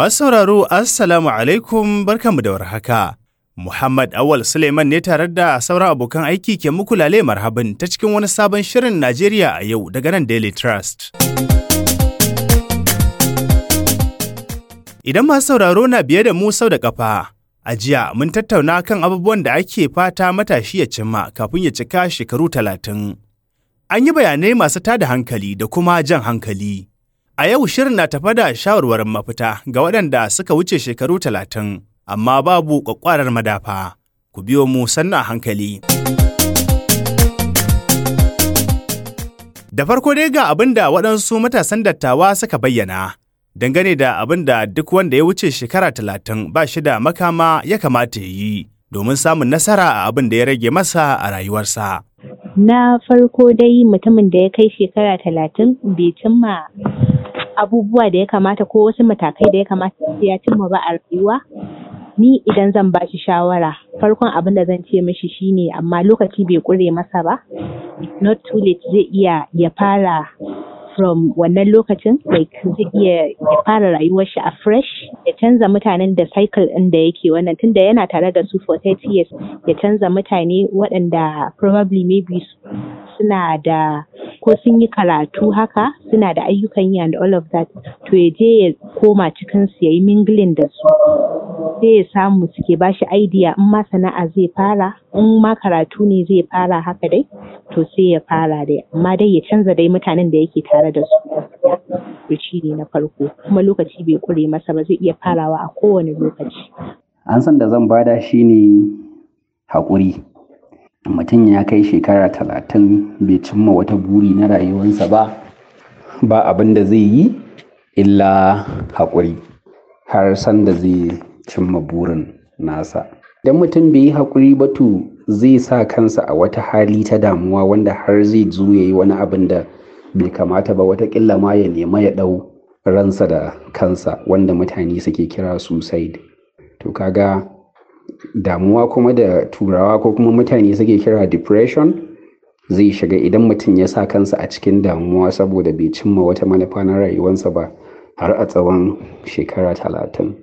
Masu sauraro, Assalamu alaikum barkanmu da warhaka. Muhammad Awal Suleiman ne tare da sauran abokan aiki ke muku lale marhabin ta cikin wani sabon shirin Najeriya a yau daga nan Daily Trust. Idan masu sauraro na biye da mu sau da kafa, a jiya mun tattauna kan abubuwan da ake fata matashi ya cimma kafin ya cika shekaru talatin. An yi bayanai masu tada hankali da kuma jan hankali. A yau shirin na tafa da shawarwarin mafita ga waɗanda suka wuce shekaru talatin, amma babu ƙwaƙwarar madafa. Ku biyo mu sannu hankali. Da farko dai ga abin da waɗansu matasan dattawa suka bayyana, dangane da abin da duk wanda ya wuce shekara talatin ba shi da makama ya kamata ya yi domin samun nasara a abin da ya rage masa a rayuwarsa. Na farko dai mutumin da ya kai shekara talatin bai cimma abubuwa da ya kamata ko wasu matakai da ya kamata ya cimma ba a rayuwa ni idan zan ba shi shawara farkon abin da zan ce mishi shine amma lokaci bai kure masa ba not too late zai iya ya fara from wannan lokacin like zai iya ya fara rayuwar shi a fresh ya canza mutanen da cycle ɗin da yake wannan tunda yana tare da su for 30 years ya canza mutane waɗanda probably maybe suna da ko sun yi karatu haka suna da ayyukan yi and all of that to ya je ya koma cikin su ya yi mingling da su sai ya samu suke ba shi idea in ma sana'a zai fara in ma karatu ne zai fara haka dai to sai ya fara dai amma dai ya canza dai mutanen da yake tare da su to shi ne na farko kuma lokaci bai kure masa ba zai iya farawa a kowane lokaci an san da zan bada shine hakuri. mutum ya kai shekara talatin bai cimma wata buri na rayuwansa ba ba abin da zai yi illa haƙuri har sanda zai cimma burin nasa idan mutum bai yi haƙuri ba to zai sa kansa a wata hali ta damuwa wanda har zai zo ya yi wani abin da bai kamata ba watakila ma ya nema ya ɗau ransa da kansa wanda mutane suke kira suicide to kaga damuwa kuma da turawa ko kuma mutane suke kira depression zai shiga idan mutum ya sa kansa a cikin damuwa saboda bai cimma wata manufa na rayuwarsa ba har a tsawon shekara talatin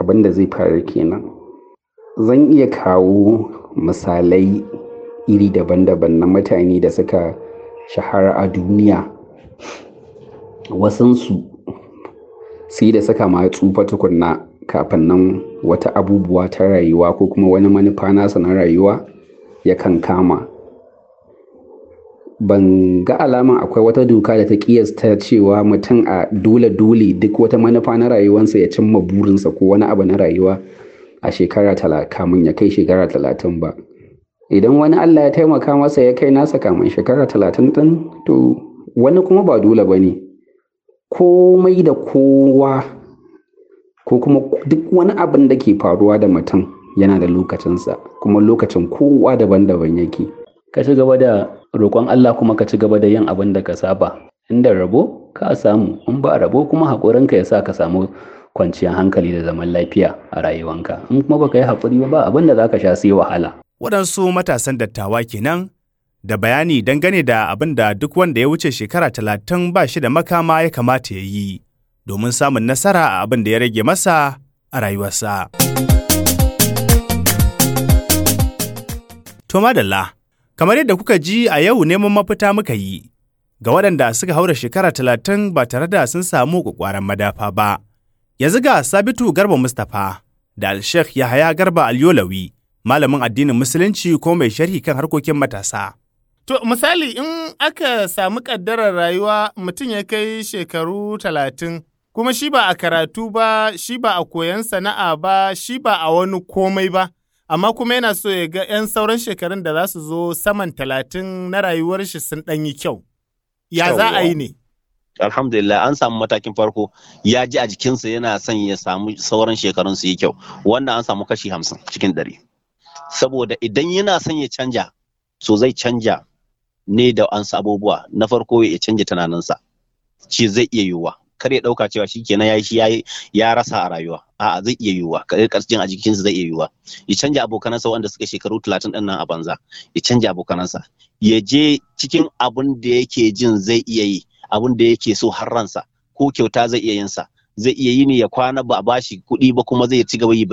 abin da zai faru kenan zan iya kawo misalai iri daban-daban na mutane da suka shahara a duniya wasansu sai da suka ma tsufa tukunna kafin nan wata abubuwa ta rayuwa ko kuma wani manufa nasa na rayuwa ya kan kama ban ga alama akwai wata doka da ta kiyasta cewa mutum a dole dole duk wata manufa na rayuwarsa ya cimma burinsa ko wani abu na rayuwa a shekara talatin ya kai shekara talatin ba idan wani allah ya taimaka masa ya kai nasa kamun shekara talatin din to wani kuma ba dole ba ne komai da kowa ko kuma duk wani abin da ke faruwa da mutum yana da lokacinsa kuma lokacin kowa daban-daban yake ka ci gaba da roƙon Allah kuma ka ci gaba da yin abin da ka saba inda rabo ka samu in ba rabo kuma haƙorinka ya sa ka samu kwanciyar hankali da zaman lafiya a rayuwanka in kuma baka yi haƙuri ba abin da za ka sha sai wahala waɗansu matasan dattawa kenan da bayani dangane da abin da duk wanda ya wuce shekara talatin ba shi da makama ya kamata ya yi domin samun nasara a abin da ya rage masa a rayuwarsa. To madalla, kamar yadda kuka ji a yau neman mafita muka yi ga waɗanda suka haura shekara talatin ba tare da sun samu ƙwaƙwaren madafa ba. Yanzu ga Sabitu Garba Mustapha da Alshekh Yahaya Garba Alyolawi, malamin addinin Musulunci ko mai sharhi kan harkokin matasa. To misali in aka samu ƙaddarar rayuwa mutum ya kai shekaru talatin kuma shi ba a karatu ba, shi ba a koyan sana'a ba, shi ba a wani komai ba, amma kuma yana so ya ga 'yan sauran shekarun da za su zo saman talatin na rayuwar shi sun ɗan yi kyau. Ya za a yi ne? Alhamdulillah an samu matakin farko ya ji a jikinsa yana son ya samu sauran shekarun su yi kyau, wanda an samu kashi hamsin cikin ɗari. Saboda idan yana son ya canja, so zai canja ne da an abubuwa na farko ya canja tunaninsa, shi zai iya yiwuwa. kar ya dauka cewa shikenan ya shi ya rasa a rayuwa a'a zai iya yiwuwa karshen a jikinsa zai iya yiwuwa ya canja abokanansa wanda suka shekaru 30 din nan a banza ya canja abokanansa ya je cikin abun da yake jin zai iya yi abun da yake so har ransa ko kyauta zai iya yin sa zai iya yi ne ya kwana ba ba shi kuɗi ba kuma zai ci gaba yi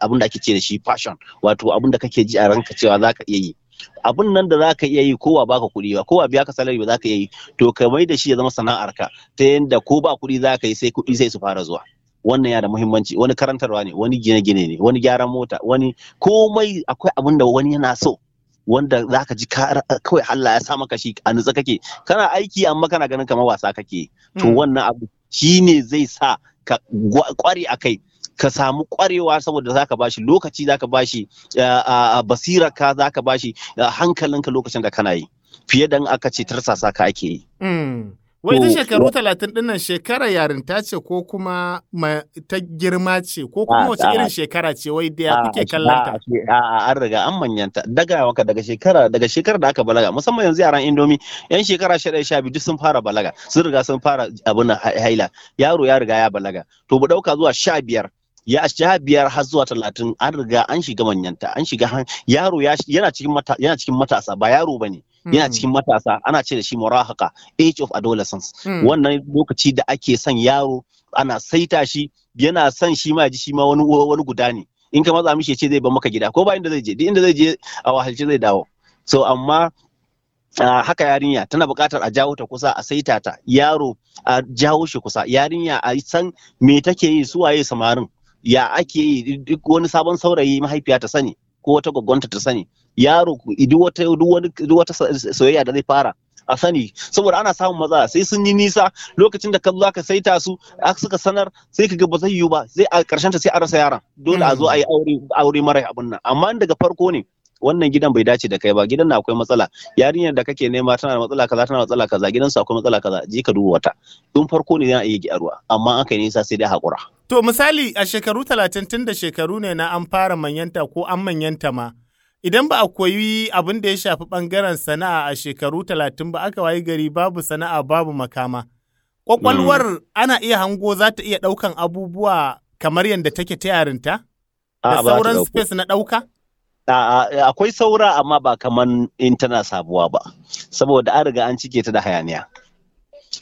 abin da ake ce da shi fashion wato abin da kake ji a ranka cewa za ka iya yi abun nan da zaka iya yi kowa baka kuɗi ba kowa biya ka salari ba zaka iya yi to ka mai da shi ya zama sana'arka ta yanda ko ba kuɗi zaka yi sai kuɗi sai su fara zuwa wannan yana da muhimmanci wani karantarwa ne wani gine-gine ne wani gyaran mota wani komai akwai abin da wani yana so wanda zaka ji kawai Allah ya sa maka shi a nutsa kake kana aiki amma kana ganin kamar wasa kake to hmm. wannan abu shine zai sa ka kware a kai ka samu kwarewa saboda zaka bashi lokaci zaka bashi basira ka zaka bashi hankalinka lokacin da kana yi fiye da aka ce tarsasa ka ake yi hmm. Wai ita shekaru talatin dinnan shekara yarinta ce ko kuma ta girma ce ko kuma wace irin shekara ce wai da ya kuke kallon A'a an riga an manyanta daga waka daga shekara daga shekara da aka balaga musamman yanzu yaran indomi yan shekara sha sha biyu duk sun fara balaga sun riga sun fara abin haila yaro ya riga ya balaga to bu ɗauka zuwa sha biyar ya sha biyar har zuwa talatin an riga an shiga manyanta an shiga yaro yana cikin yana cikin matasa ba yaro bane yana cikin matasa ana ce da shi murahaka age of adolescence mm. wannan lokaci da ake son yaro ana saita shi yana son shi ma ji shi ma wani wani guda ne in ka matsa mishi ce zai bar maka gida ko ba inda zai je inda zai je a wahalce zai dawo so amma Uh, haka yarinya tana buƙatar a jawo ta kusa a saita ta yaro a jawo shi kusa yarinya a san me take yi suwaye samarin ya ake yi duk wani sabon saurayi mahaifiya ta sani ko wata gwaggonta ta sani yaro duk wata soyayya da zai fara a sani saboda ana samun matsala sai sun yi nisa lokacin da ka zo aka saita su suka sanar sai ka ba zai yiwu ba sai a karshen ta sai a rasa yaran dole a zo a yi hmm. aure mara abin nan amma daga farko ne wannan gidan bai dace da kai ba gidan na akwai matsala yarinyar da kake nema tana da matsala kaza tana da matsala kaza gidan su akwai matsala kaza je ka duba wata tun farko ne a iya gyaruwa amma aka yi nisa sai dai haƙura To misali a shekaru talatin tun da shekaru ne na an fara manyanta ko an manyanta ma, idan ba a koyi abin da ya shafi ɓangaren sana'a a shekaru talatin ba aka wayi gari babu sana'a babu makama. Ƙwaƙwalwar mm. ana iya hango za ta iya ɗaukan abubuwa kamar yadda take ta yarinta? Da sauran space na ɗauka? Akwai saura amma ba kamar in tana sabuwa ba, saboda an riga an cike ta da hayaniya.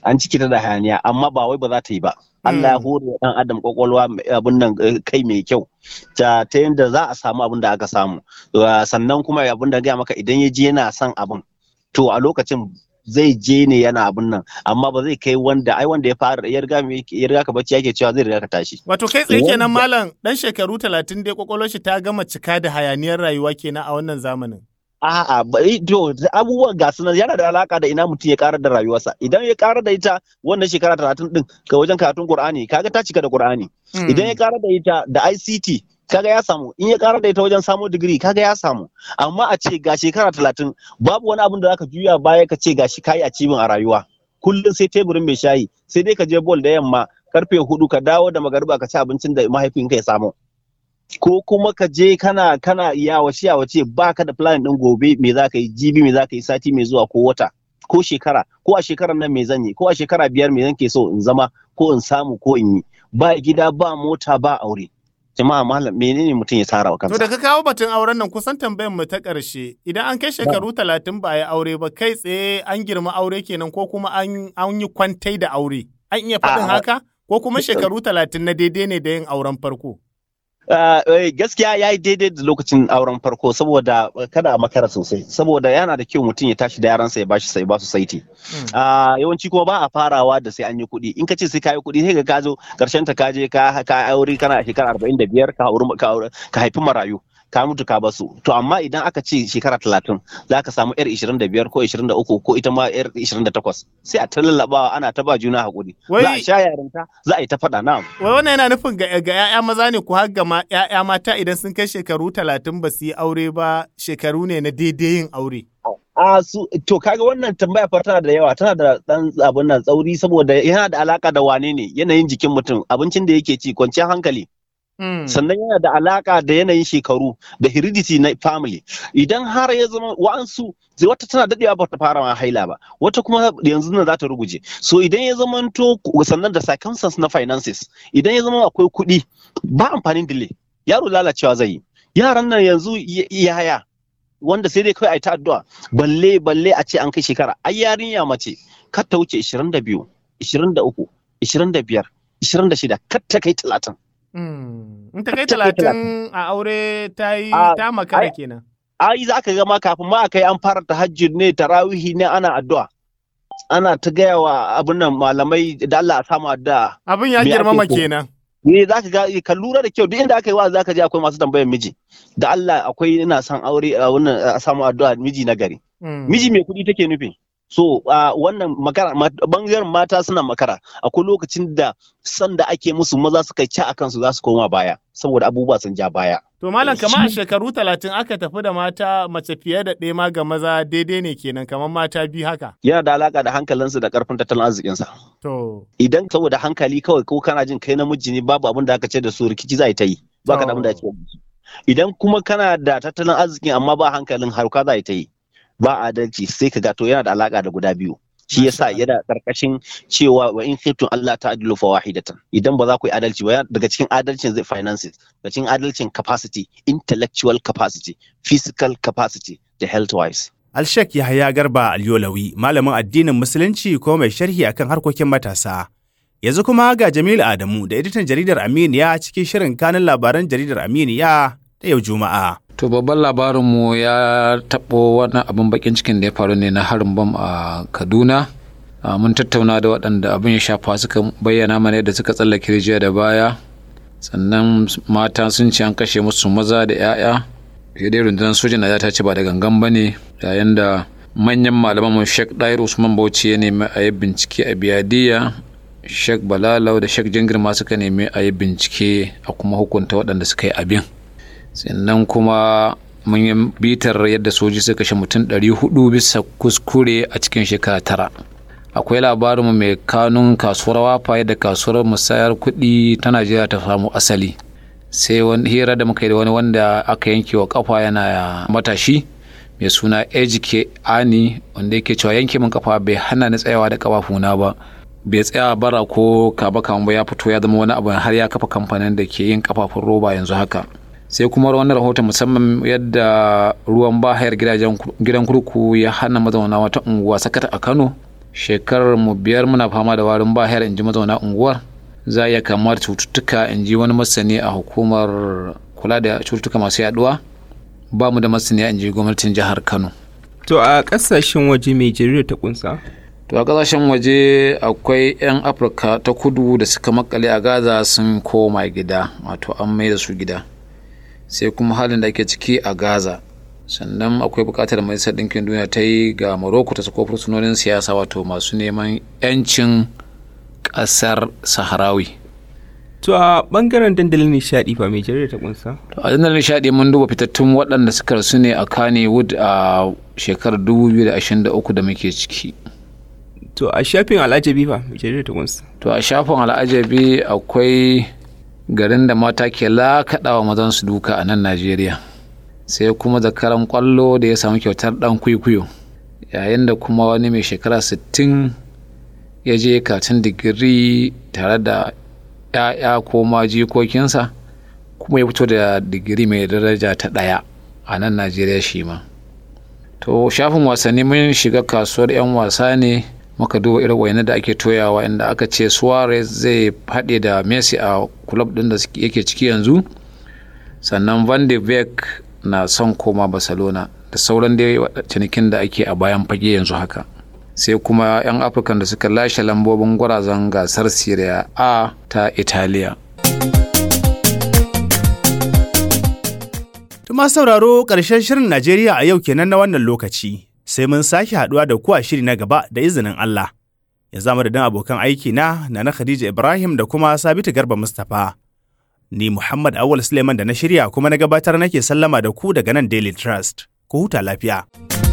An cike ta da hayaniya amma ba wai ba za ta yi ba. Allah ya mm. hore dan adam kwakwalwa abin nan eh, kai mai kyau ta yadda za a samu abin da aka samu sannan kuma abin da gaya maka idan ya je yana son abin to a lokacin zai je ne yana abin nan amma ba zai kai wanda ai wanda ya fara ya riga ya riga ka bacci yake cewa zai riga ka tashi wato kai tsaye kenan malam dan shekaru 30 dai kwakwalwar shi ta gama cika da hayaniyar rayuwa kenan a wannan zamanin A'a, bari to abubuwan ga sunan yana da alaka da ina mutum ya karar da rayuwarsa. Idan ya karar da ita wannan shekara talatin din ka wajen karatun Qur'ani, kaga ta cika da Qur'ani. Hmm. Idan ya karar da ita da ICT, kaga ya samu. In ya karar da ita wajen samu digiri, kaga ya samu. Amma a ce ga shekara talatin babu wani abin da zaka juya baya ka ce gashi kayi a cibin a rayuwa. Kullum sai teburin mai shayi, sai dai ka je bol da yamma karfe hudu ka dawo da magariba ka ci abincin da mahaifinka ya samu. ko kuma ka je kana kana yawace ba baka da plan din gobe me za ka yi jibi me za ka yi sati mai zuwa ko wata ko shekara ko a shekarar nan me zan yi ko a shekara biyar me zan ke so in zama ko in samu ko in yi ba gida ba mota ba aure jama'a malam menene mutum ya tsara wa kansa to da ka kawo batun auren nan kusan tambayar mu ta karshe idan an kai shekaru talatin ba a yi aure ba kai tsaye an girma aure kenan ko kuma an an yi kwantai da aure an iya faɗin haka ko kuma shekaru talatin na daidai ne da yin auren farko Eh, eh, gaskiya ya yi daidai da lokacin auren farko saboda eh, kada a makara sosai saboda yana da kyau mutum ya tashi da yaransa ya bashi sai ba su saiti hmm. ah, yawanci kuma ba a farawa da sai an yi kuɗi in ka ce sai ka yi kuɗi sai ka zo karshen ta ka je ka aure kana shekara arba'in da biyar ka haifi marayu ka mutu ka basu to amma idan aka ce shekara talatin za ka samu yar ishirin da biyar ko ishirin da uku ko ita ma yar ishirin da takwas sai a ta lallabawa ana ta ba juna haƙuri za a sha yarinta za a yi ta faɗa na wai wannan yana nufin ga 'ya'ya maza ne ko har ga ya'ya mata idan sun kai shekaru talatin ba su yi aure ba shekaru ne na daidai yin aure a su to kaga wannan tambaya fa tana da yawa tana da dan abun nan tsauri saboda yana da alaka da wane ne yanayin jikin mutum abincin da yake ci kwanciyar hankali Hmm. sannan yana da alaka da yanayin shekaru da heredity na family idan har ya zama wa'ansu wata tana dadewa ba ta fara ma haila ba wata kuma yanzu nan za ta ruguje so idan ya zama to sannan da circumstance na finances idan ya zama akwai kuɗi ba amfanin delay yaro lalacewa zai yi yaran nan yanzu yaya wanda sai dai kawai ai ta addu'a balle balle a ce an kai shekara ai yarinya mace kar ta wuce 22 23 25 26 kar ta kai 30 Mm. In ta kai talatin a aure ta yi ta makara kenan. Ai za ka gama kafin ma kai an fara hajji ne tarawihi ne ana addu'a. Ana ta gaya wa abin nan malamai da Allah a samu addu'a. Abin ya girmama kenan. ne eh, za ka ga eh, ka lura da kyau duk inda aka yi wa za ka ji akwai masu tambayar miji da Allah akwai ina son aure a wannan a samu addu'a miji na gari mm. miji mai kuɗi take nufin. so uh, wannan makara bangaren mata suna makara akwai lokacin da sanda ake musu maza suka ci a kansu za su koma baya saboda abubuwa sun ja baya to malam eh, kama a shekaru talatin aka tafi da mata mace fiye da ɗaya ga maza daidai ne kenan kamar mata biyu haka yana da alaka da hankalinsu da karfin tattalin arzikinsa to idan saboda hankali kawai ko kana jin kai namiji ne babu abin da aka ce da su rikici za ta yi ba ka da abin da ake idan kuma kana da tattalin arzikin amma ba hankalin haruka za ta yi ba adalci sai ka ga yana da alaka da guda biyu shi yasa yana karkashin cewa wa in khiftum Allah ta'dilu fa wahidatan idan ba za ku yi adalci ba daga cikin adalcin zai finances daga cikin adalcin capacity intellectual capacity physical capacity da health wise Alshek Yahaya Garba Alyolawi malamin addinin musulunci ko mai sharhi akan harkokin matasa yanzu kuma ga Jamil Adamu da editan jaridar Aminiya cikin shirin kanin labaran jaridar Aminiya ta yau Juma'a to babban labarinmu ya taɓo wani abin bakin cikin da ya faru ne na harin bam a kaduna mun tattauna da waɗanda abin ya shafa suka bayyana mana yadda suka tsallake rijiya da baya sannan mata sun ce an kashe musu maza da 'ya'ya ya dai rundunar soja da ta ce ba da gangan ba ne yayin da manyan malaman mu ɗairus dair usman bauchi ya nemi a yi bincike a biyadiya sheik balalau da shak jingirma suka nemi a yi bincike a kuma hukunta waɗanda suka yi abin sannan kuma mun yi bitar yadda soji suka kashe mutum 400 bisa kuskure a cikin shekara tara akwai labarinmu mai kanun kasuwar wafa yadda kasuwar musayar kuɗi ta najeriya ta samu asali sai wani hira da muka yi da wani wanda aka yanke wa kafa yana matashi mai suna ejike ani wanda yake cewa yanke min kafa bai hana ni tsayawa da kafafuna ba bai tsaya bara ko kaba kama ya fito ya zama wani abu har ya kafa kamfanin da ke yin kafafun roba yanzu haka sai kuma wani rahoton musamman yadda ruwan bahayar gidan kurku ya hana mazauna wata unguwa sakata a kano shekarar mu biyar muna fama da warin bahayar inji mazauna unguwar za a iya kamuwa da cututtuka inji wani masani a hukumar kula da cututtuka masu yaduwa ba mu da masaniya inji gwamnatin jihar kano to a kasashen waje mai jirgin ta kunsa to a kasashen waje akwai 'yan afirka ta kudu da suka makale a gaza sun koma gida wato an mai da su gida sai kuma halin da ake ciki a gaza sannan akwai buƙatar majalisar ɗinkin duniya ta yi ga morocco ta sako fursunonin siyasa wato masu neman 'yancin ƙasar saharawi to a bangaren dandalin nishadi ba mai jarida ta kunsa a dandalin nishadi mun duba fitattun waɗanda suka rasu ne a wood a shekarar 2023 da muke ciki to a shafin al'ajabi ba mai jarida ta kunsa to a shafin al'ajabi akwai garin da mata ke lakaɗawa mazan su duka a nan najeriya sai kuma zakaran kwallo da ya samu kyautar ɗan kwikwiyo yayin da kuma wani mai shekara sittin ya je katin digiri tare da 'ya'ya ko ma jikokinsa kuma ya fito da digiri mai daraja ta ɗaya a nan najeriya shi ma to shafin wasanni mun shiga kasuwar 'yan wasa ne muka duba irin wayanar da ake toyawa inda aka ce suarez zai haɗe da messi a club ɗin da yake ciki yanzu sannan van de beek na son koma barcelona da sauran dai cinikin da ake a bayan fage yanzu haka sai kuma 'yan afirkan da suka lashe lambobin gwarazan gasar syria a ta italiya Tuma sauraro ƙarshen shirin Najeriya a yau kenan na wannan lokaci, sai mun sake haɗuwa da ku a shiri na gaba da izinin Allah. Ya zama da abokan aiki na na na Khadija Ibrahim da kuma Sabitu Garba Mustapha. Ni Muhammad Awal Suleiman da na shirya kuma na gabatar nake sallama da ku daga nan Daily Trust. Ku huta lafiya.